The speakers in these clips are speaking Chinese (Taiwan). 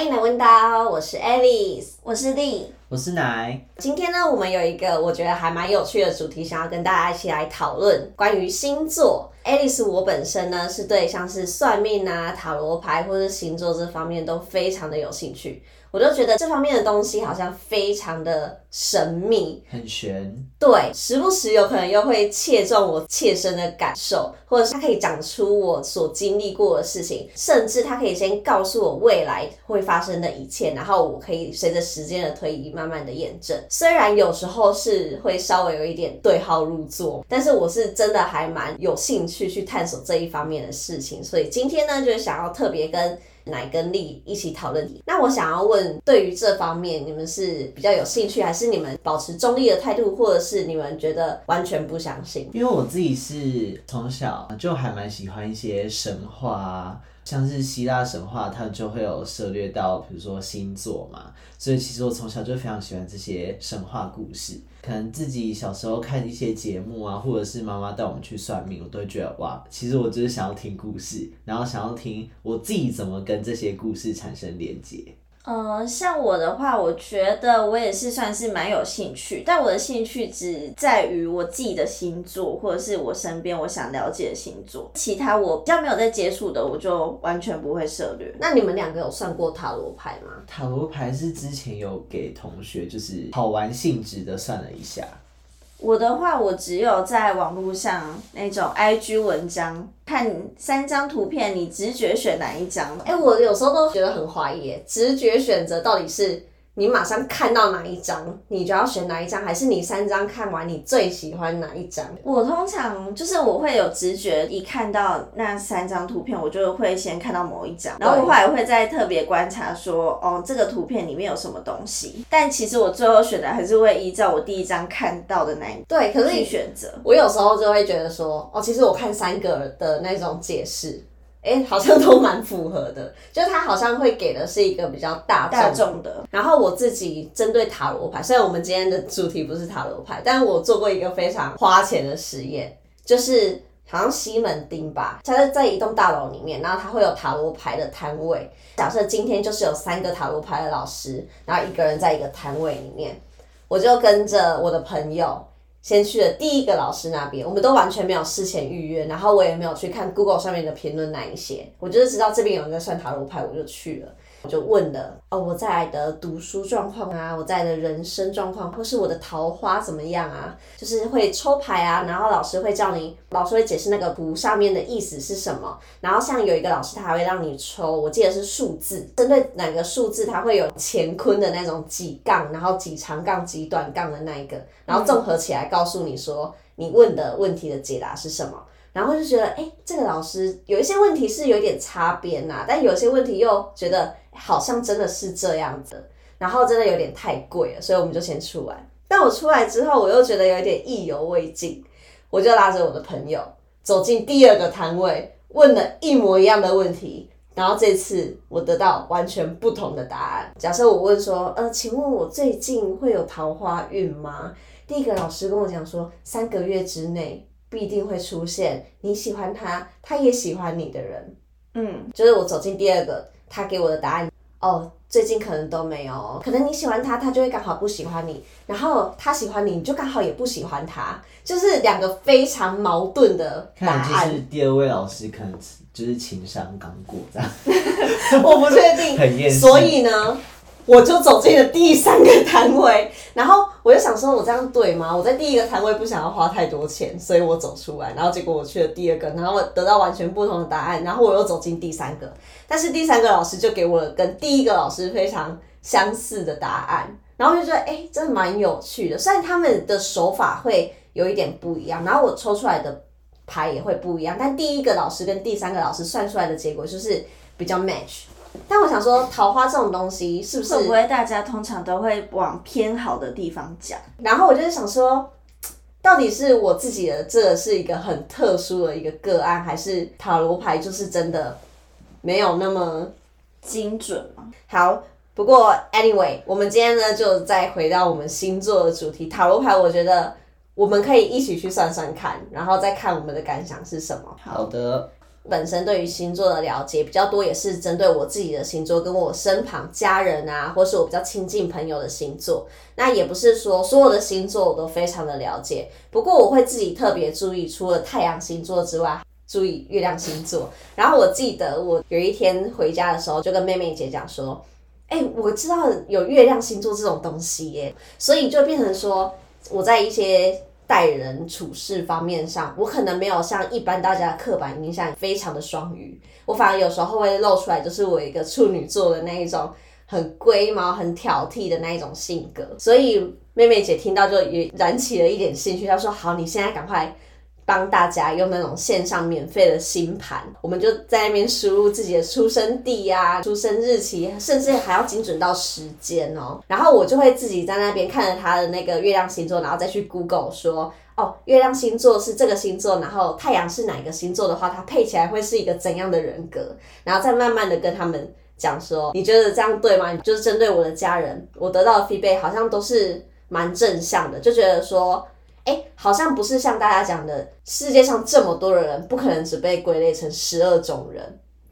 歡迎來溫叨，我是 Alice，我是 D，我是奶。今天呢，我們有一個我覺得還蠻有趣的主題，想要跟大家一起來討論關於星座。Alice，我本身呢是對像是算命啊、塔羅牌或者星座這方面都非常的有興趣。我就覺得這方面的東西好像非常的神秘，很玄。對，時不時有可能又會切中我切身的感受，或者是他可以講出我所經歷過的事情，甚至他可以先告訴我未來會發生的一切，然後我可以隨着時間的推移慢慢的驗證。雖然有時候是會稍微有一點對號入座，但是我是真的還蠻有興趣去探索這一方面的事情，所以今天呢，就是想要特別跟。奶跟力一起討論。那我想要問，對於這方面，你們是比較有興趣，還是你們保持中立的態度，或者是你們覺得完全不相信？因為我自己是從小就還蠻喜歡一些神話。像是希臘神話，它就會有涉獵到，比如說星座嘛，所以其實我從小就非常喜歡這些神話故事。可能自己小時候看一些節目啊，或者是媽媽帶我們去算命，我都會覺得哇，其實我就是想要聽故事，然後想要聽我自己怎麼跟這些故事產生連結。嗯、呃，像我的話，我覺得我也是算是蠻有興趣，但我的興趣只在於我自己的星座，或者是我身邊我想了解的星座，其他我比較沒有在接觸的，我就完全不會涉獵。那你們兩個有算過塔羅牌嗎？塔羅牌是之前有給同學，就是好玩性質的算了一下。我的話，我只有在網絡上那種 IG 文章看三張圖片，你直覺選哪一張？欸，我有時候都覺得很懷疑，直覺選擇到底是。你馬上看到哪一張，你就要選哪一張，還是你三張看完你最喜歡哪一張？我通常就是我會有直覺，一看到那三張圖片，我就會先看到某一張，然後我後來會再特別觀察說，哦，這個圖片裡面有什麼東西。但其實我最後選的還是會依照我第一張看到的那一張，對，可是你選擇，我有時候就會覺得說，哦，其實我看三個的那種解釋。哎、欸，好像都蠻符合的，就他好像會給的是一個比較大眾的。然後我自己針對塔羅牌，雖然我們今天的主題不是塔羅牌，但是我做過一個非常花錢的實驗，就是好像西門町吧，它是在一棟大樓裡面，然後它會有塔羅牌的攤位。假設今天就是有三個塔羅牌的老師，然後一個人在一個攤位裡面，我就跟着我的朋友。先去了第一個老師那邊，我們都完全沒有事前預約，然後我也沒有去看 Google 上面的評論哪一些，我就是知道這邊有人在算塔羅牌，我就去了。我就問了哦，我在的讀書狀況啊，我在的人生狀況，或是我的桃花怎麼樣啊？就是會抽牌啊，然後老師會叫你，老師會解釋那個符上面的意思是什麼。然後像有一個老師，他還會讓你抽，我記得是數字，針對哪個數字，他會有乾坤的那種幾槓，然後幾長槓幾短槓的那一個，然後綜合起來告訴你說你問的問題的解答是什麼。然後就覺得，哎、欸，這個老師有一些問題是有點擦邊吶、啊，但有些問題又覺得。好像真的是這樣子，然後真的有點太貴了，所以我們就先出來。但我出來之後，我又覺得有點意猶未盡，我就拉着我的朋友走進第二個攤位，問了一模一樣的問題，然後這次我得到完全不同的答案。假設我問說：“呃，請問我最近會有桃花運嗎？”第一個老師跟我講說，三個月之內必定會出現你喜歡他，他也喜歡你的人。嗯，就是我走進第二個。他給我的答案哦，最近可能都沒有，可能你喜歡他，他就會剛好不喜歡你，然後他喜歡你，你就剛好也不喜歡他，就是兩個非常矛盾的答案。就是第二位老師可能就是情商剛過，這 樣我不確確定， 所以呢？我就走進了第三個攤位，然後我就想說，我這樣對嗎？我在第一個攤位不想要花太多錢，所以我走出來，然後結果我去了第二個，然後我得到完全不同的答案，然後我又走進第三個，但是第三個老師就給我了跟第一個老師非常相似的答案，然後我就覺得，哎、欸，真的蠻有趣的。雖然他們的手法會有一點不一樣，然後我抽出來的牌也會不一樣，但第一個老師跟第三個老師算出來的結果就是比較 match。但我想說，桃花這種東西是不是不會？大家通常都會往偏好的地方講。然後我就是想說，到底是我自己的，這是一個很特殊的一個個案，還是塔羅牌就是真的沒有那麼精準嗎？好，不過 anyway，我們今天呢就再回到我們星座的主題，塔羅牌，我覺得我們可以一起去算算看，然後再看我們的感想是什麼。好的。本身對於星座的了解比較多，也是針對我自己的星座，跟我身旁家人啊，或是我比較親近朋友的星座。那也不是說所有的星座我都非常的了解，不過我會自己特別注意，除了太陽星座之外，注意月亮星座。然後我記得我有一天回家的時候，就跟妹妹姐講說：“哎、欸，我知道有月亮星座這種東西耶。”所以就變成說，我在一些。待人處事方面上，我可能沒有像一般大家刻板印象非常的雙魚，我反而有時候會露出來，就是我一個處女座的那一種很龜毛、很挑剔的那一種性格。所以妹妹姐聽到就也燃起了一點興趣，她說：“好，你現在趕快。”幫大家用那種線上免費的星盤，我們就在那邊輸入自己的出生地呀、啊、出生日期，甚至還要精準到時間哦、喔。然後我就會自己在那邊看着他的那個月亮星座，然後再去 Google 說，哦，月亮星座是這個星座，然後太陽是哪一個星座的話，它配起來會是一個怎樣的人格？然後再慢慢的跟他們講說，你覺得這樣對嗎？你就是針對我的家人，我得到的 feedback 好像都是蠻正向的，就覺得說。欸，好像不是像大家講的，世界上這麼多的人，不可能只被歸類成十二種人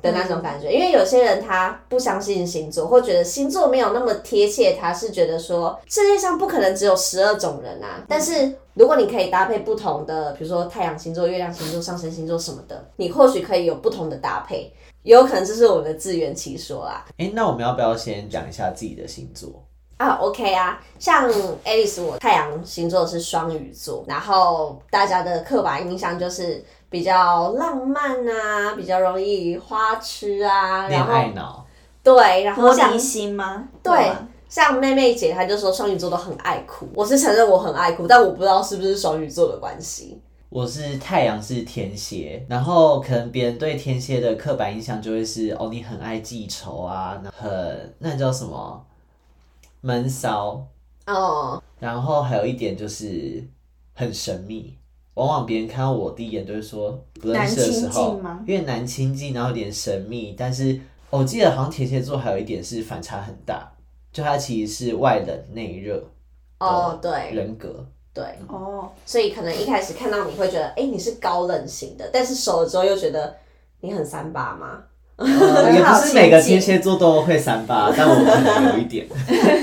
的那種感覺。因為有些人他不相信星座，或覺得星座沒有那麼貼切，他是覺得說世界上不可能只有十二種人啊。但是如果你可以搭配不同的，比如說太陽星座、月亮星座、上升星座什麼的，你或許可以有不同的搭配，也有可能這是我們的自圓其說啊。誒、欸，那我們要不要先講一下自己的星座？啊，OK 啊，像 Alice，我太陽星座是雙魚座，然後大家的刻板印象就是比較浪漫啊，比較容易花痴啊，戀愛腦。對，然後火星嗎？對，像妹妹姐，她就說雙魚座都很愛哭。我是承認我很愛哭，但我不知道是不是雙魚座的關係。我是太陽是天蠍，然後可能別人對天蠍的刻板印象就會是哦，你很愛記仇啊，那很那叫什麼？悶騷哦，oh. 然後還有一點就是很神秘，往往別人看到我第一眼都會說不認識的時候，越難親,親近，然後有點神秘。但是、哦、我記得好像天蠍座還有一點是反差很大，就它其實是外冷內熱。哦、oh, 呃，對，人格對哦，oh. 所以可能一開始看到你會覺得，哎，你是高冷型的，但是熟了之後又覺得你很三八嗎？嗯、很好，也不是每個天蠍座都會三八，但我可能有一點。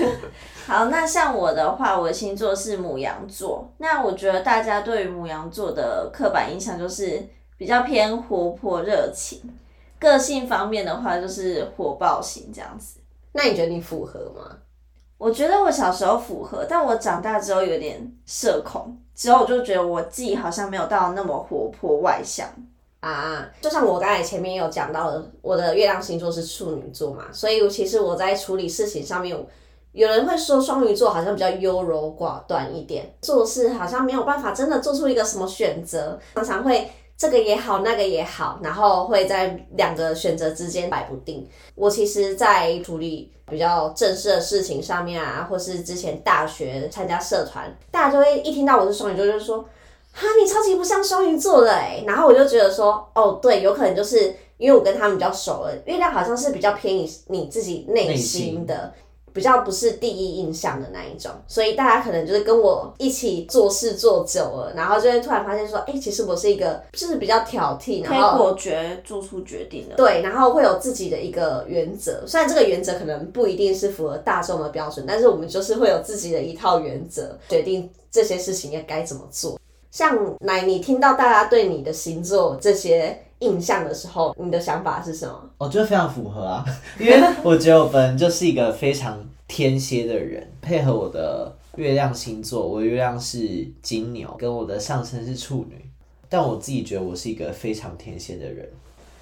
好，那像我的話，我的星座是牡羊座。那我覺得大家對於牡羊座的刻板印象就是比較偏活潑熱情，個性方面的話就是火爆型這樣子。那你覺得你符合嗎？我覺得我小時候符合，但我長大之後有點社恐，之後我就覺得我自己好像沒有到那麼活潑外向。啊、uh,，就像我剛才前面有講到的，我的月亮星座是處女座嘛，所以其實我在處理事情上面，有人會說雙魚座好像比較優柔寡斷一點，做事好像沒有辦法真的做出一個什麼選擇，常常會這個也好，那個也好，然後會在兩個選擇之間擺不定。我其實，在處理比較正式的事情上面啊，或是之前大學參加社團，大家就會一聽到我是雙魚座，就是、說。哈，你超級不像雙魚座的誒、欸、然後我就覺得說，哦，對，有可能就是因為我跟他們比較熟了，月亮好像是比較偏你你自己內心的心，比較不是第一印象的那一種，所以大家可能就是跟我一起做事做久了，然後就會突然發現說，哎、欸，其實我是一個就是比較挑剔，然後我覺得做出決定的，對，然後會有自己的一個原則，雖然這個原則可能不一定是符合大眾的標準，但是我們就是會有自己的一套原則，決定這些事情應該怎麼做。像來，你聽到大家對你的星座這些印象的時候，你的想法是什麼？我覺得非常符合啊，因為我覺得我本人就是一個非常天蠍的人， 配合我的月亮星座，我的月亮是金牛，跟我的上升是處女，但我自己覺得我是一個非常天蠍的人。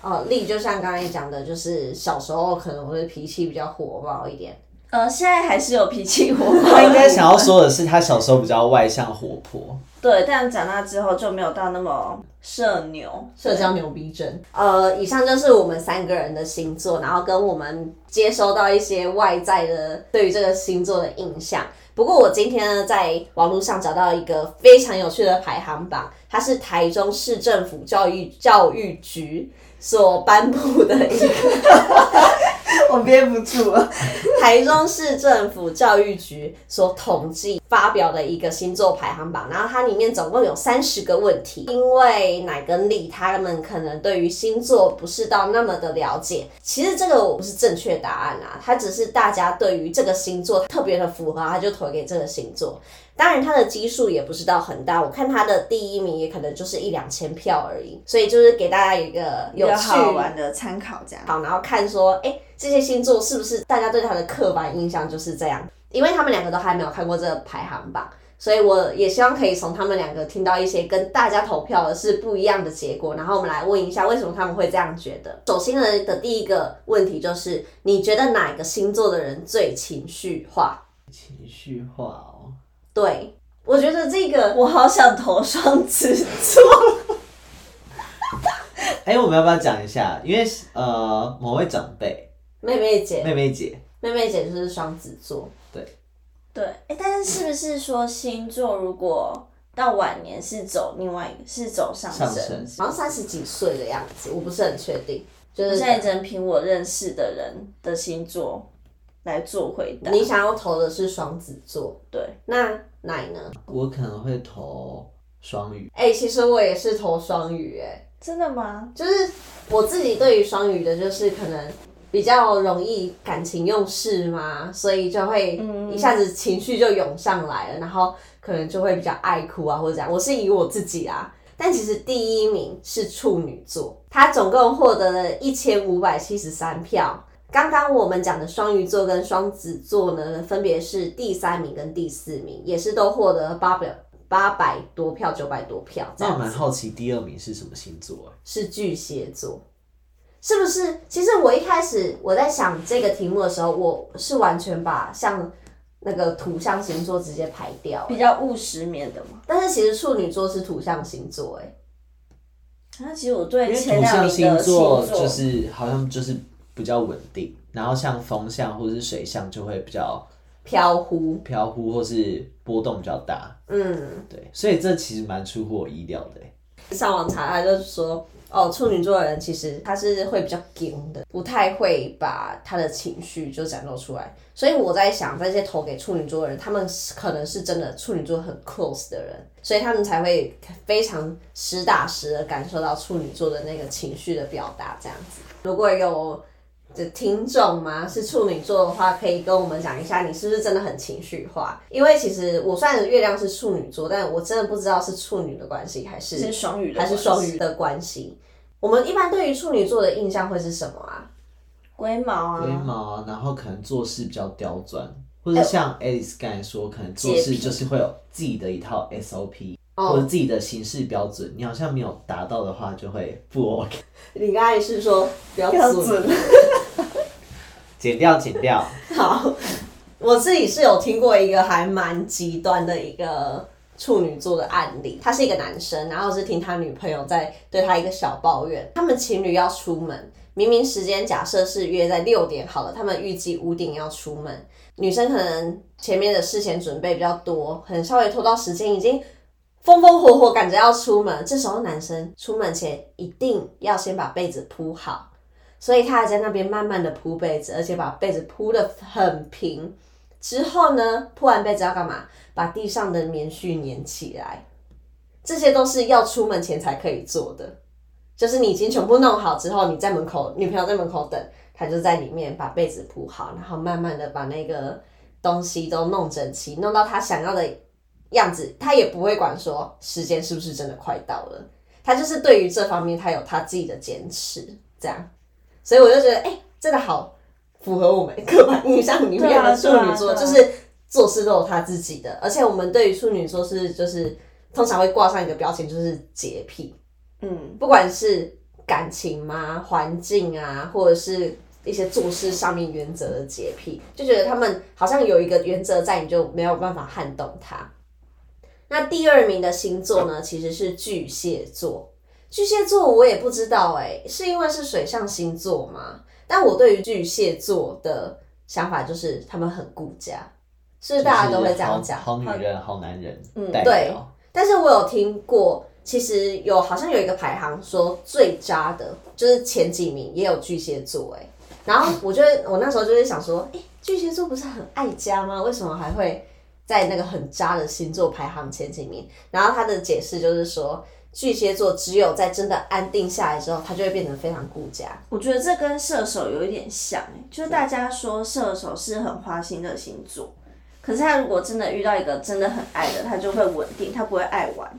哦，例就像剛才講的，就是小時候可能我的脾氣比較火爆一點，呃，現在還是有脾氣火爆。我應該想要說的是，他小時候比較外向活潑。對，但長大之後就沒有到那麼社牛，社交牛逼症。呃，以上就是我們三個人的星座，然後跟我們接收到一些外在的對於這個星座的印象。不過我今天呢，在網絡上找到一個非常有趣的排行榜，它是台中市政府教育教育局所頒布的一個。一 我憋不住啊。 台中市政府教育局所統計發表的一個星座排行榜，然後它裡面總共有三十個問題。因為奶跟力他們可能對於星座不是到那麼的了解，其實這個我不是正確答案啦、啊，它只是大家對於這個星座特別的符合，他就投給這個星座。當然它的基數也不是到很大，我看它的第一名也可能就是一兩千票而已。所以就是給大家一個有趣有好玩的參考，這樣好，然後看說誒。欸這些星座是不是大家對他的刻板印象就是這樣？因為他們兩個都還沒有看過這個排行榜，所以我也希望可以從他們兩個聽到一些跟大家投票的是不一樣的結果。然後我們來問一下，為什麼他們會這樣覺得？首先的第一個問題就是，你覺得哪個星座的人最情緒化？情緒化哦，對，我覺得這個我好想投雙子座。哎 欸，我們要不要講一下？因為呃，某位長輩。妹妹姐，妹妹姐，妹妹姐就是雙子座，對，對，哎、欸，但是是不是說星座如果到晚年是走另外一個是走上升，上升好像三十幾歲的樣子，我不是很確定，就是、這個、現在只能憑我認識的人的星座來做回答。你想要投的是雙子座，對，那奶呢？我可能會投雙魚，哎、欸，其實我也是投雙魚、欸，哎，真的嗎？就是我自己對於雙魚的，就是可能。比較容易感情用事嘛，所以就會一下子情緒就湧上來了、嗯，然後可能就會比較愛哭啊，或者怎樣。我是以我自己啊，但其實第一名是處女座，他總共獲得了一千五百七十三票。剛剛我們講的雙魚座跟雙子座呢，分別是第三名跟第四名，也是都獲得了八百八百多票、九百多票。那我蠻好奇第二名是什麼星座啊？是巨蟹座。是不是？其實我一開始我在想這個題目的時候，我是完全把像那個土象星座直接排掉，比較務實面的嘛。但是其實處女座是土象星座、欸，哎、啊，其實我對前面的土象星座就是好像就是比較穩定，然後像風象或是水象就會比較飄忽、飄忽或是波動比較大。嗯，對，所以這其實蠻出乎我意料的、欸。上網查，他就是說。哦，處女座的人其實他是會比較緊的，不太會把他的情緒就展露出來。所以我在想，這些投給處女座的人，他們可能是真的處女座很 close 的人，所以他們才會非常實打實的感受到處女座的那個情緒的表達這樣子。如果有。的聽眾嗎？是處女座的話，可以跟我們講一下，你是不是真的很情緒化？因為其實我算是月亮是處女座，但我真的不知道是處女的關係，還是雙魚的，還是雙魚的關係。我們一般對於處女座的印象會是什麼啊？龜毛啊，龜毛啊。然後可能做事比較刁鑽，或者像 Alice 剛才說，可能做事就是會有自己的一套 SOP，或者自己的形式標準。你好像沒有達到的話，就會不 OK。 你剛才是說標準？ 剪掉，剪掉。 好，我自己是有聽過一個還蠻極端的一個處女座的案例。他是一個男生，然後是聽他女朋友在對他一個小抱怨。他們情侶要出門，明明時間假設是約在六點好了，他們預計五點要出門。女生可能前面的事前準備比較多，很稍微拖到時間已經風風火火趕着要出門。這時候男生出門前一定要先把被子鋪好。所以他還在那邊慢慢的鋪被子，而且把被子鋪得很平。之後呢，鋪完被子要幹嘛？把地上的棉絮粘起來。這些都是要出門前才可以做的，就是你已經全部弄好之後你，你在門口，女朋友在門口等，他就在裡面把被子鋪好，然後慢慢的把那個東西都弄整齊，弄到他想要的樣子。他也不會管說時間是不是真的快到了，他就是對於這方面他有他自己的堅持，這樣。所以我就覺得，誒，真的好符合我們刻板印象裡面的處女座，就是做事都有他自己的。 而且我們對於處女座是、就是，就是通常會掛上一個標籤，就是潔癖。嗯，不管是感情嘛、環境啊，或者是一些做事上面原則的潔癖，就覺得他們好像有一個原則在，你就沒有辦法撼動他。那第二名的星座呢，其實是巨蟹座。巨蟹座我也不知道哎、欸，是因為是水象星座嗎？但我對於巨蟹座的想法就是他們很顧家，是，不是大家都會這樣講，就是、好女人、好男人代表。嗯，對。但是我有聽過，其實有好像有一個排行說最渣的就是前幾名也有巨蟹座哎、欸。然後我就我那時候就會想說，哎、欸，巨蟹座不是很愛家嗎？為什麼還會在那個很渣的星座排行前幾名？然後他的解釋就是說。巨蟹座只有在真的安定下來之後，他就會變得非常顧家。我覺得這跟射手有一點像，就是大家說射手是很花心的星座，可是他如果真的遇到一個真的很愛的，他就會穩定，他不會愛玩。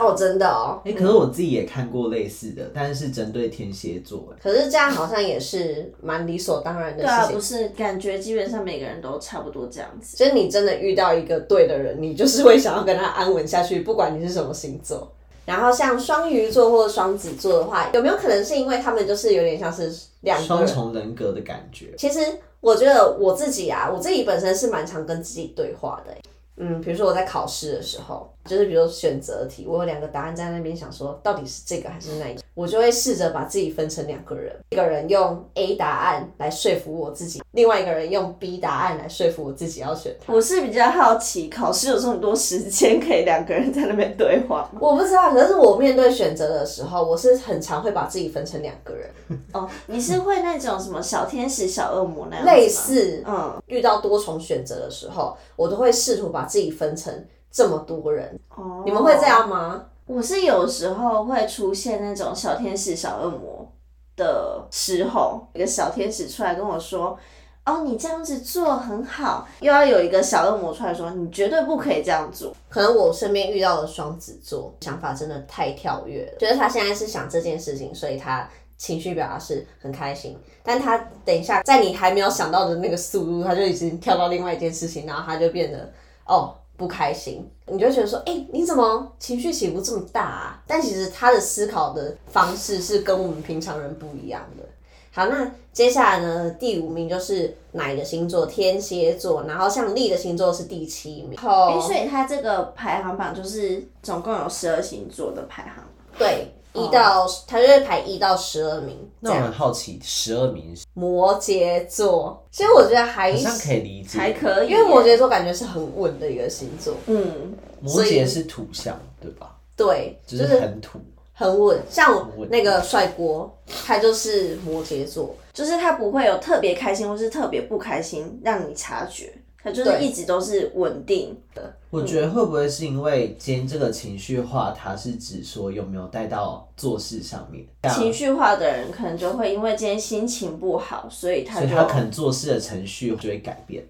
哦，真的哦。欸，可是我自己也看過類似的，但是針對天蠍座。可是這樣好像也是蠻理所當然的事情。對啊，不是？感覺基本上每個人都差不多這樣子。所以你真的遇到一個對的人，你就是會想要跟他安穩下去，不管你是什麼星座。然後像雙魚座或者雙子座的話，有沒有可能是因為他們就是有點像是兩雙重人格的感覺？其實我覺得我自己啊，我自己本身是蠻常跟自己對話的。嗯，比如說我在考試的時候。就是比如說選擇題，我有兩個答案在那邊，想說到底是這個還是那一個，我就會試着把自己分成兩個人，一個人用 A 答案來說服我自己，另外一個人用 B 答案來說服我自己要選。我是比較好奇，考試有這麼多時間，可以兩個人在那邊對話。我不知道，可是我面對選擇的時候，我是很常會把自己分成兩個人。 哦，你是會那種什麼小天使、小惡魔那樣類似？嗯，遇到多重選擇的時候，我都會試圖把自己分成。這麼多人。哦，你們會這樣嗎？我是有時候會出現那種小天使、小惡魔的時候，一個小天使出來跟我說：“哦，你這樣子做很好。”又要有一個小惡魔出來說：“你絕對不可以這樣做。”可能我身邊遇到的雙子座想法真的太跳躍了，覺得他現在是想這件事情，所以他情緒表達是很開心，但他等一下在你還沒有想到的那個速度，他就已經跳到另外一件事情，然後他就變得哦。不開心，你就會覺得說：“哎、欸，你怎麼情緒起伏這麼大啊？”但其實他的思考的方式是跟我們平常人不一樣的。好，那接下來呢？第五名就是哪一個星座？天蠍座。然後像麗的星座是第七名。哦、欸。所以他這個排行榜就是總共有十二星座的排行。對。一到、oh. 他就會排一到十二名，那、no. 我很好奇，十二名是摩羯座，所以我覺得還好像可以理解，還可以，因為摩羯座感覺是很穩的，的一個星座，嗯，摩羯是土象對吧？對，就是很土，就是、很穩，像我那個帥鍋，他就是摩羯座，就是他不會有特別開心或是特別不開心讓你察覺。他就是一直都是穩定的、嗯。我覺得會不會是因為今天這個情緒化，它是指說有沒有帶到做事上面？情緒化的人可能就會因為今天心情不好，所以他就，所以他可能做事的程序就會改變。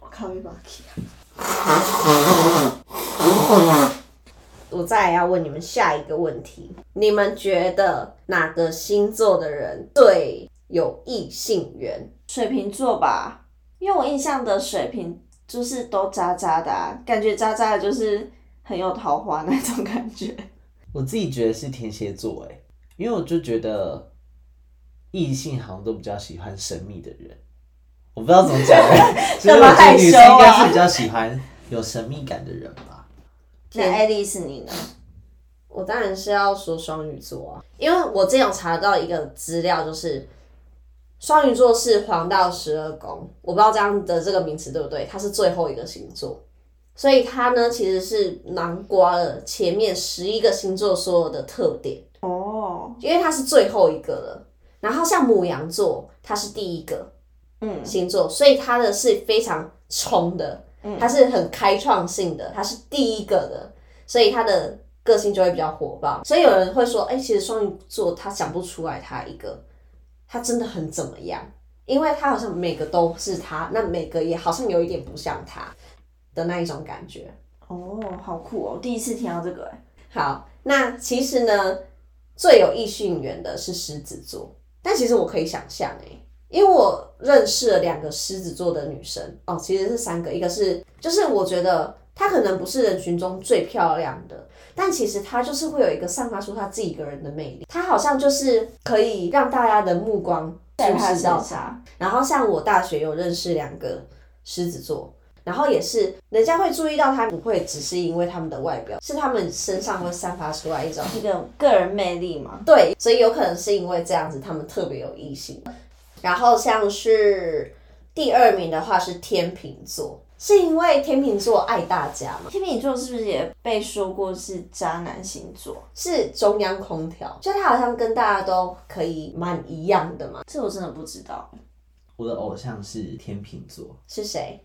我靠一、啊，我 把我再要問你們下一個問題：你們覺得哪個星座的人最有異性緣？水瓶座吧。因為我印象的水瓶就是都渣渣的、啊，感覺渣渣的就是很有桃花那種感覺。我自己覺得是天蠍座哎、欸，因為我就覺得異性好像都比較喜歡神秘的人，我不知道怎麼講， 就是我覺得女生應該是比較喜歡有神秘感的人吧。 那 Alice 你呢？我當然是要說雙魚座啊，因為我之前有查到一個資料，就是。雙魚座是黃道十二宮，我不知道這樣的這個名詞對不對？它是最後一個星座，所以它呢，其實是囊括了前面十一個星座所有的特點哦，因為它是最後一個了。然後像牡羊座，它是第一個嗯星座，所以它的是非常衝的，它是很開創性的，它是第一個的，所以它的個性就會比較火爆。所以有人會說，哎、欸，其實雙魚座他想不出來他一個。他真的很怎麼樣？因為他好像每個都是他，那每個也好像有一點不像他的那一種感覺。哦，好酷哦！第一次聽到這個，哎，好。那其實呢，最有異性緣的是獅子座，但其實我可以想象，哎，因為我認識了兩個獅子座的女生，哦，其實是三個，一個是就是我覺得她可能不是人群中最漂亮的。但其實他就是會有一個散發出他自己個人的魅力，他好像就是可以讓大家的目光注視到他。然後像我大學有認識兩個獅子座，然後也是人家會注意到他不會只是因為他們的外表，是他們身上會散發出來一種一個個人魅力嘛。對，所以有可能是因為這樣子，他們特別有異性。然後像是第二名的話是天秤座。是因為天秤座愛大家嗎？天秤座是不是也被說過是渣男星座？是中央空調，就他好像跟大家都可以蠻一樣的嘛。這我真的不知道。我的偶像是天秤座。是誰？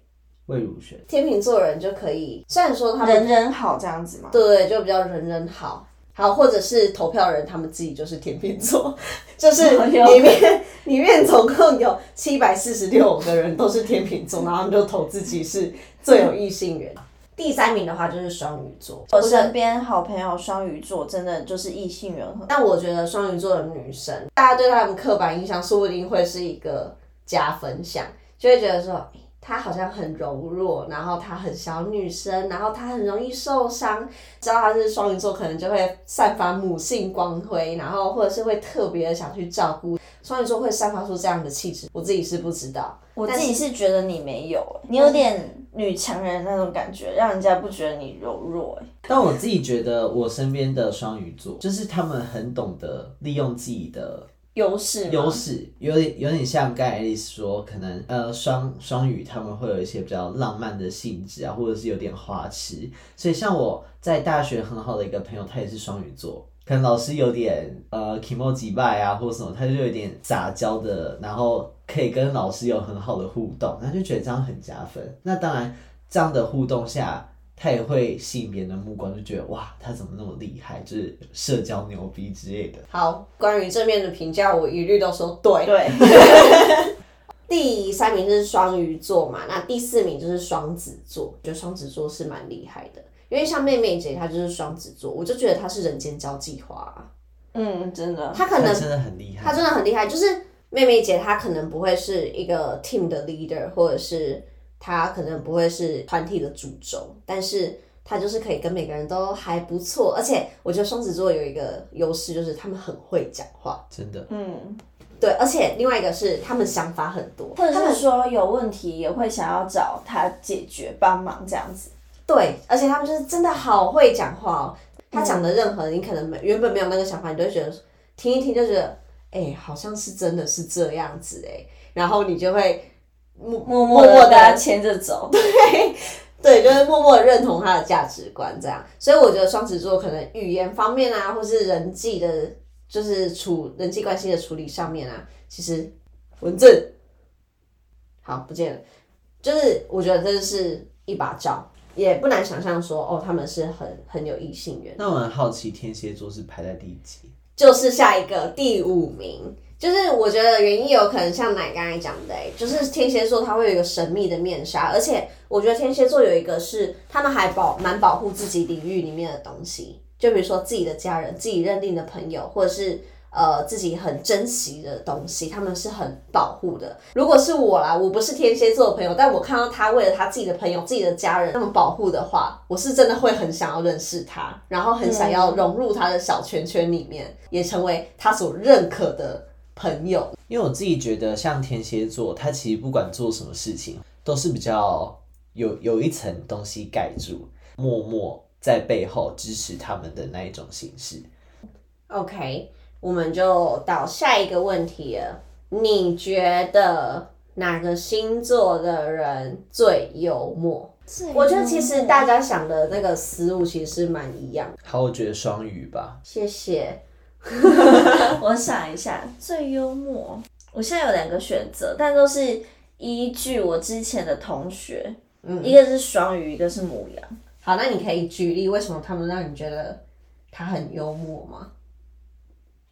魏如萱。天秤座的人就可以，雖然說他人人好這樣子嘛，對，就比較人人好。好，或者是投票的人他們自己就是天秤座，就是裡面 裡面總共有七百四十六個人都是天秤座，然後他們就投自己是最有異性緣。第三名的話就是雙魚座，就是、我身邊好朋友雙魚座真的就是異性緣很好。但我覺得雙魚座的女生，大家對她們刻板印象說不定會是一個加分項，就會覺得說。她好像很柔弱，然後她很小女生，然後她很容易受傷。知道她是雙魚座，可能就會散發母性光輝，然後或者是會特別的想去照顧。雙魚座會散發出這樣的氣質，我自己是不知道，我自己是覺得你沒有、欸，你有點女強人那種感覺，讓人家不覺得你柔弱、欸。但我自己覺得，我身邊的雙魚座就是他們很懂得利用自己的。優勢，優勢有點有點像剛才 Alice 說，可能呃雙雙魚他們會有一些比較浪漫的性質啊，或者是有點花痴，所以像我在大學很好的一個朋友，他也是雙魚座，可能老師有點呃 Kimo 擊敗啊或者什麼，他就有點撒嬌的然後可以跟老師有很好的互動，他就覺得這樣很加分。那當然這樣的互動下。他也會吸引別人的目光，就覺得哇，他怎麼那麼厲害，就是社交牛逼之類的。好，關於正面的評價，我一律都說對。對。 第三名就是雙魚座嘛，那第四名就是雙子座。覺得雙子座是蠻厲害的，因為像妹妹姐她就是雙子座，我就覺得她是人間交際花。嗯，真的。她可能她真的很厲害。她真的很厲害，就是妹妹姐她可能不會是一個 team 的 leader 或者是。他可能不會是團體的主軸，但是他就是可以跟每個人都還不錯，而且我覺得雙子座有一個優勢，就是他們很會講話，真的，嗯，對，而且另外一個是他們想法很多，或者，嗯，他們說有問題也會想要找他解決幫忙這樣子，對，而且他們就是真的好會講話哦，他講的任何的，你可能原本沒有那個想法，你都覺得聽一聽就覺得，欸，好像是真的是這樣子欸，然後你就會。默默默默的牽着走，對對，就是默默的認同他的價值觀這樣。所以我覺得雙子座可能語言方面啊，或是人際的，就是處人際關係的處理上面啊，其實文字好不見了，就是我覺得這是一把罩，也不難想象說哦，他們是很很有異性緣。那我很好奇，天蠍座是排在第幾？就是下一個第五名。就是我覺得原因有可能像奶剛才講的，欸，就是天蠍座他會有一個神秘的面紗，而且我覺得天蠍座有一個是他們還保蠻保護自己領域裡面的東西，就比如說自己的家人、自己認定的朋友，或者是呃自己很珍惜的東西，他們是很保護的。如果是我啦，我不是天蠍座的朋友，但我看到他為了他自己的朋友、自己的家人那麼保護的話，我是真的會很想要認識他，然後很想要融入他的小圈圈裡面，嗯，也成為他所認可的。朋友，因為我自己覺得，像天蠍座，他其實不管做什麼事情，都是比較有有一層東西蓋住，默默在背後支持他們的那一種形式。OK，我們就到下一個問題了。你覺得哪個星座的人最幽默？幽默。我覺得其實大家想的那個思路其實蠻一樣。好，我覺得雙魚吧。謝謝。 我想一下，最幽默。我現在有兩個選擇，但都是依據我之前的同學。嗯，一個是雙魚，一個是牡羊。好，那你可以舉例為什麼他們讓你覺得他很幽默嗎？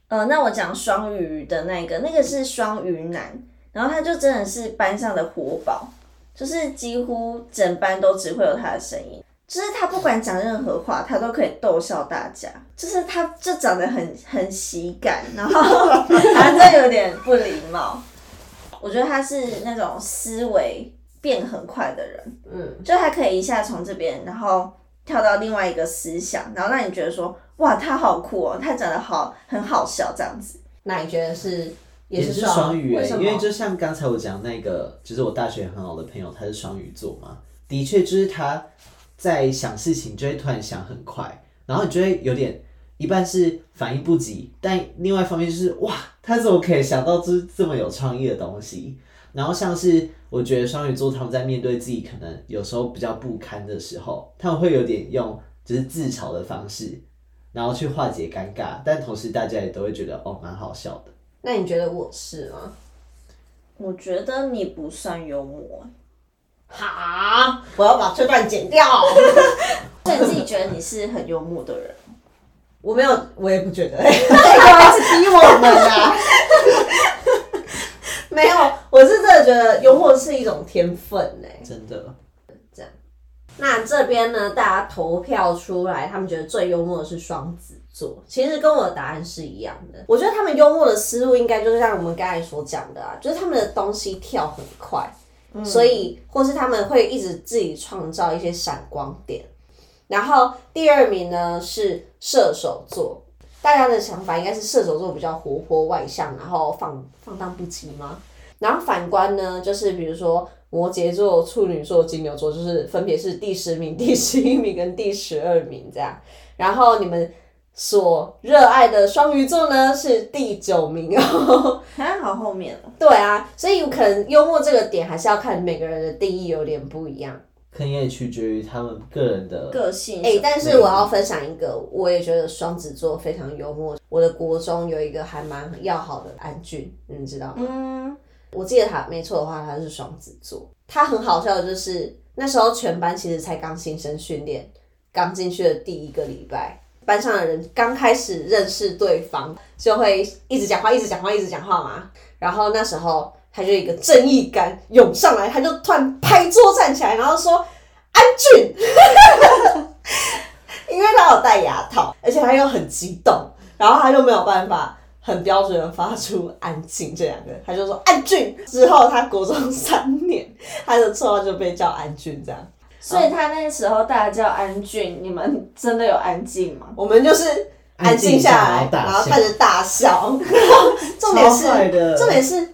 呃，那我講雙魚的那個，那個是雙魚男，然後他就真的是班上的活寶，就是幾乎整班都只會有他的聲音。就是他不管講任何話，他都可以逗笑大家。就是他，就長得很很喜感，然後還真的有點不禮貌。 我覺得他是那種思維變很快的人，嗯，就他可以一下從這邊，然後跳到另外一個思想，然後讓你覺得說，哇，他好酷哦，喔，他講的好很好笑這樣子。那你覺得是也是雙魚。欸，為什麼？因為就像剛才我講那個，就是我大學很好的朋友，他是雙魚座嘛，的確就是他在想事情，就會突然想很快，然後你就會有點一半是反應不及，但另外一方面就是哇，他怎麼可以想到這這麼有創意的東西？然後像是我覺得雙魚座他們在面對自己可能有時候比較不堪的時候，他們會有點用就是自嘲的方式，然後去化解尷尬，但同時大家也都會覺得哦蠻好笑的。那你覺得我是嗎？我覺得你不算幽默。好，我要把這段剪掉。 所以你自己覺得你是很幽默的人？ 我沒有，我也不覺得。欸，我要逼我們啊！ 沒有，我是真的覺得幽默是一種天分誒、欸。 真的，這樣。那這邊呢？大家投票出來，他們覺得最幽默的是雙子座。其實跟我的答案是一樣的。我覺得他們幽默的思路，應該就是像我們剛才所講的啊，就是他們的東西跳很快。所以，或是他們會一直自己創造一些閃光點。然後第二名呢是射手座，大家的想法應該是射手座比較活潑外向，然後放，放蕩不羈嗎？然後反觀呢，就是比如說摩羯座、處女座、金牛座，就是分別是第十名、第十一名跟第十二名這樣。然後你們。所熱愛的雙魚座呢是第九名哦、喔，啊，好後面了。 對啊，所以可能幽默這個點還是要看每個人的定義有點不一樣，可能也取決於他們個人的個性。哎、欸，但是我要分享一個，我也覺得雙子座非常幽默。我的國中有一個還蠻要好的安俊，你知道嗎？嗯，我記得他沒錯的話，他是雙子座。他很好笑的就是那時候全班其實才剛新生訓練，剛進去的第一個禮拜。班上的人剛開始認識對方，就會一直講話，一直講話，一直講話嘛。然後那時候他就一個正義感湧上來，他就突然拍桌站起來，然後說：“安俊。 ”因為他有戴牙套，而且他又很激動，然後他又沒有辦法很標準的發出“安靜”這兩個，他就說“安俊”。之後他國中三年，他的綽號就被叫“安俊”這樣。所以他那時候大家叫安俊，Oh. 你們真的有安靜嗎？我們就是安靜下來，下然後看着大，小大笑。然後重點是，重點是，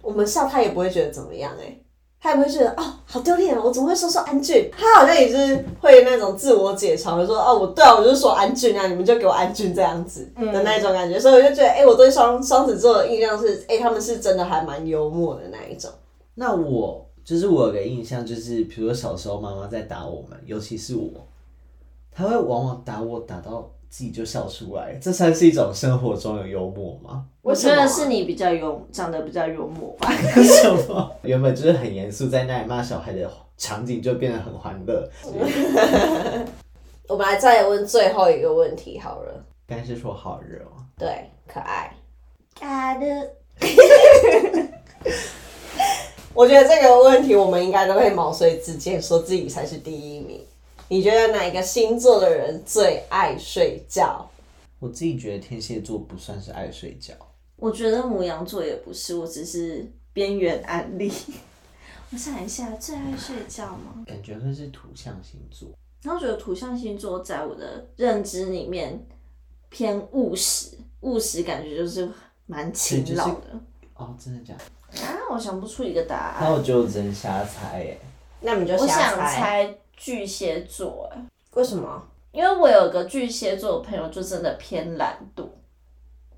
我們笑他也不會覺得怎麼樣，欸，他也不會覺得哦，好丟臉啊！我怎麼會說說安俊？他好像也是會那種自我解嘲，就是、說哦，我對啊，我就是說安俊啊，你們就給我安俊這樣子的那一種感覺、嗯。所以我就覺得，哎、欸，我對雙雙子座的印象是，哎、欸，他們是真的還蠻幽默的那一種。那我。嗯就是我有個印象，就是比如說小時候媽媽在打我們，尤其是我，他會往往打我打到自己就笑出來，這算是一種生活中有幽默嗎？我覺得是你比較幽默，長得比較幽默吧。 什麼？原本就是很嚴肅，在那裡罵小孩的場景就變得很歡樂。 我們來再問最後一個問題好了。但是說好熱、哦。對，可愛。假的。我覺得這個問題我們應該都可以毛遂自薦，說自己才是第一名。你覺得哪一個星座的人最愛睡覺？我自己覺得天蠍座不算是愛睡覺。我覺得牡羊座也不是，我只是邊緣案例。 我想一下，最愛睡覺嗎？嗯、感覺會是土象星座。然後我覺得土象星座在我的認知裡面偏務實，務實感覺就是蠻勤勞的、就是。哦，真的假的？我想不出一個答案，那我就只能瞎猜耶、欸。那你就瞎猜，我就想猜巨蟹座哎、欸，為什麼？因為我有個巨蟹座的朋友，就真的偏懶惰，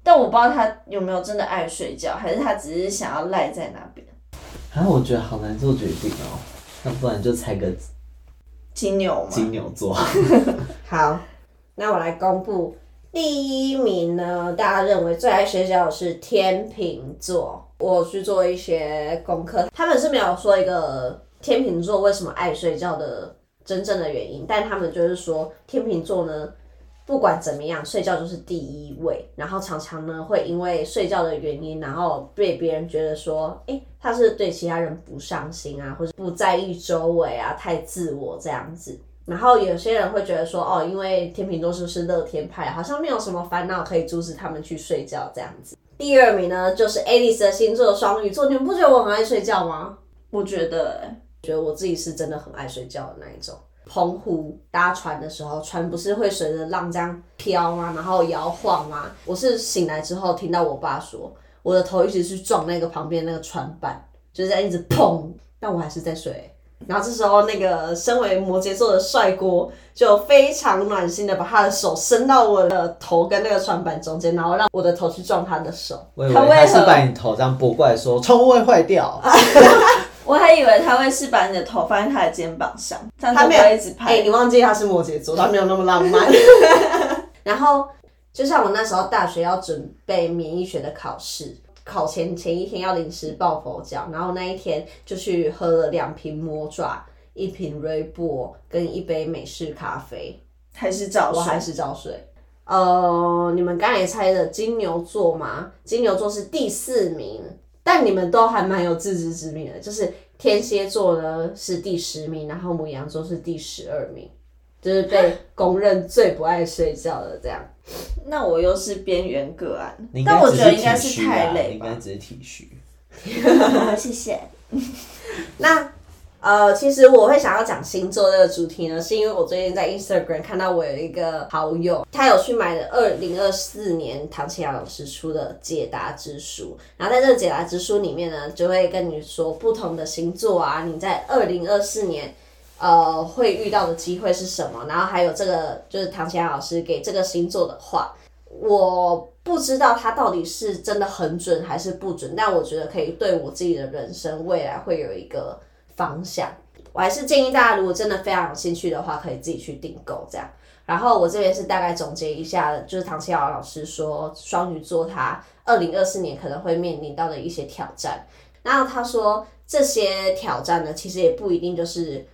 但我不知道他有沒有真的愛睡覺，還是他只是想要賴在那邊。那我覺得好難做決定哦、喔，那不然就猜個金牛，金牛座 。好，那我來公布第一名呢，大家認為最愛睡覺的是天秤座。我去做一些功課，他們是沒有說一個天秤座為什麼愛睡覺的真正的原因，但他們就是說天秤座呢，不管怎麼樣，睡覺就是第一位，然後常常呢會因為睡覺的原因，然後被別人覺得說，誒、欸，他是對其他人不上心啊，或者不在意周圍啊，太自我這樣子，然後有些人會覺得說，哦，因為天秤座是不是樂天派，好像沒有什麼煩惱可以阻止他們去睡覺這樣子。第二名呢，就是 Alice 的星座雙魚座。你們不覺得我很愛睡覺嗎？我覺得、欸，誒覺得我自己是真的很愛睡覺的那一種。澎湖搭船的時候，船不是會隨着浪這樣飄嗎？然後搖晃嗎？我是醒來之後聽到我爸說，我的頭一直去撞那個旁邊那個船板，就這樣一直砰，但我還是在睡、欸。然後這時候，那個身為摩羯座的帥鍋就非常暖心的把他的手伸到我的頭跟那個床板中間，然後讓我的頭去撞他的手。他為什麼？他是把你頭，這樣博怪說窗戶會壞掉。 我還以為他會是把你的頭放在他的肩膀上。會他沒有一直拍。哎，你忘記他是摩羯座，他沒有那麼浪漫。 然後，就像我那時候大學要準備免疫學的考試。考前前一天要臨時抱佛腳，然後那一天就去喝了兩瓶魔爪，一瓶瑞波跟一杯美式咖啡，還是照睡，還是照睡。呃、uh,，你們剛才也猜了，金牛座嗎？金牛座是第四名，但你們都還蠻有自知之明的，就是天蠍座呢是第十名，然後牡羊座是第十二名。就是被公認最不愛睡覺的這樣，那我又是邊緣個案，啊，但我覺得應該是太累，應該只是體虛。 謝謝。 那呃，其實我會想要講星座這個主題呢，是因為我最近在 Instagram 看到我有一個好友，他有去買了二零二四年唐綺陽老師出的《解答之書》，然後在這個《解答之書》裡面呢，就會跟你說不同的星座啊，你在二零二四年。呃，會遇到的機會是什麼？然後還有這個，就是唐綺陽老師給這個星座的話，我不知道他到底是真的很準還是不準，但我覺得可以對我自己的人生未來會有一個方向。我還是建議大家，如果真的非常有興趣的話，可以自己去訂購這樣。然後我這邊是大概總結一下，就是唐綺陽老師說雙魚座他二零二四年可能會面臨到的一些挑戰。然後他說這些挑戰呢，其實也不一定就是。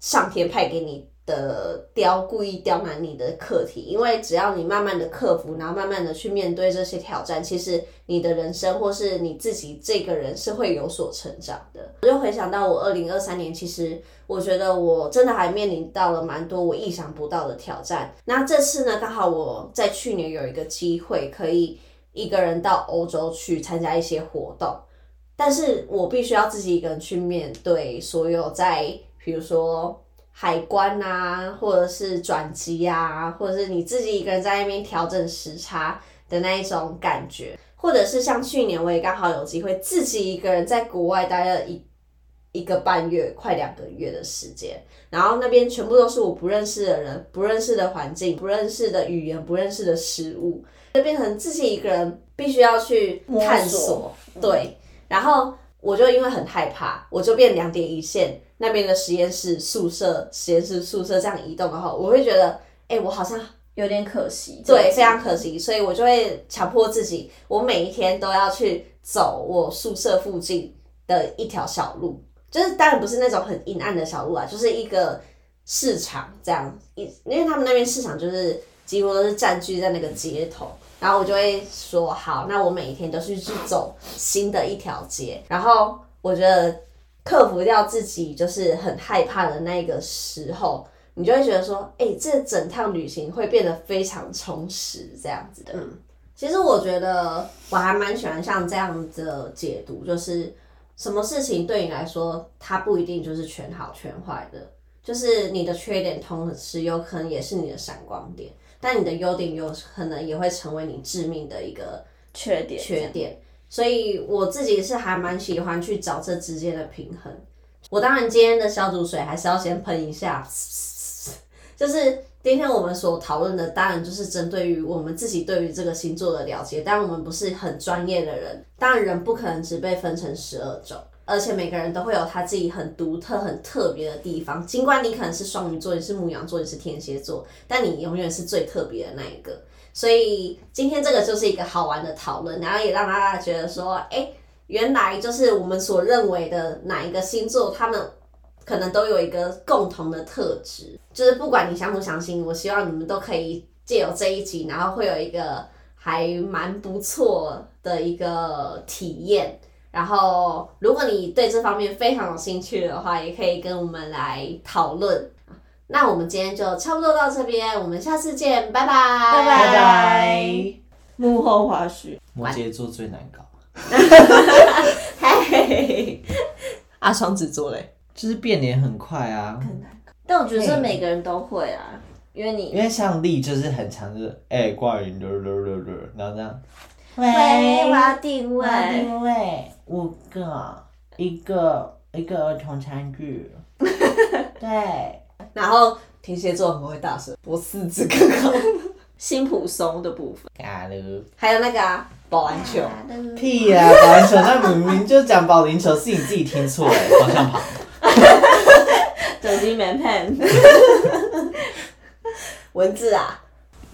上天派給你的刁，故意刁難你的課題，因為只要你慢慢的克服，然後慢慢的去面對這些挑戰，其實你的人生或是你自己這個人是會有所成長的。我就回想到我二零二三年，其實我覺得我真的還面臨到了蠻多我意想不到的挑戰。那這次呢，剛好我在去年有一個機會，可以一個人到歐洲去參加一些活動，但是我必須要自己一個人去面對所有在。比如說海關啊，或者是轉機啊，或者是你自己一個人在那邊調整時差的那一種感覺，或者是像去年我也剛好有機會自己一個人在國外待了一一個半月，快兩個月的時間，然後那邊全部都是我不認識的人、不認識的環境、不認識的語言、不認識的食物，就變成自己一個人必須要去探索。對，然後我就因為很害怕，我就變兩點一線。那邊的實驗室宿舍、實驗室宿舍這樣移動的話，我會覺得，哎、欸，我好像有點可惜，對，非常可惜，所以我就會強迫自己，我每一天都要去走我宿舍附近的一條小路，就是當然不是那種很陰暗的小路啊，就是一個市場這樣，因因為他們那邊市場就是幾乎都是佔據在那個街頭，然後我就會說，好，那我每一天都是去，去走新的一條街，然後我覺得。克服掉自己就是很害怕的那個時候，你就會覺得說，哎、欸，這整趟旅行會變得非常充實，這樣子的。嗯，其實我覺得我還蠻喜歡像這樣的解讀，就是什麼事情對你來說，它不一定就是全好全壞的，就是你的缺點同時有可能也是你的閃光點，但你的優點有可能也會成為你致命的一個缺點。缺點。所以我自己是還蠻喜歡去找這之間的平衡。我當然今天的消毒水還是要先噴一下。就是今天我們所討論的，當然就是針對於我們自己對於這個星座的了解。但我們不是很專業的人，當然人不可能只被分成十二種，而且每個人都會有他自己很獨特、很特別的地方。儘管你可能是雙魚座，你是牧羊座，你是天蠍座，但你永遠是最特別的那一個。所以今天這個就是一個好玩的討論，然後也讓大家覺得說，哎、欸，原來就是我們所認為的哪一個星座，他們可能都有一個共同的特質。就是不管你相不相信，我希望你們都可以借由這一集，然後會有一個還蠻不錯的一個體驗。然後，如果你對這方面非常有興趣的話，也可以跟我們來討論。那我們今天就差不多到這邊，我們下次見，拜拜，拜拜。幕後花絮，摩羯座最難搞， 嘿，嘿，嘿，啊雙子座嘞？就是變臉很快啊，很難搞，但我覺得每個人都會啊，欸、因為你因為像麗就是很常就是哎掛雲嚕嚕嚕嚕然後這樣喂，喂，我要定位，我定位五個，一個一個兒童餐具， 對。然後天蠍座很會大聲，我四肢更好。辛普松的部分，還有那個啊保齡球，屁呀保齡球，那明明就講保齡球， 是你自己聽錯哎，方向盤。手機沒拍，文字啊。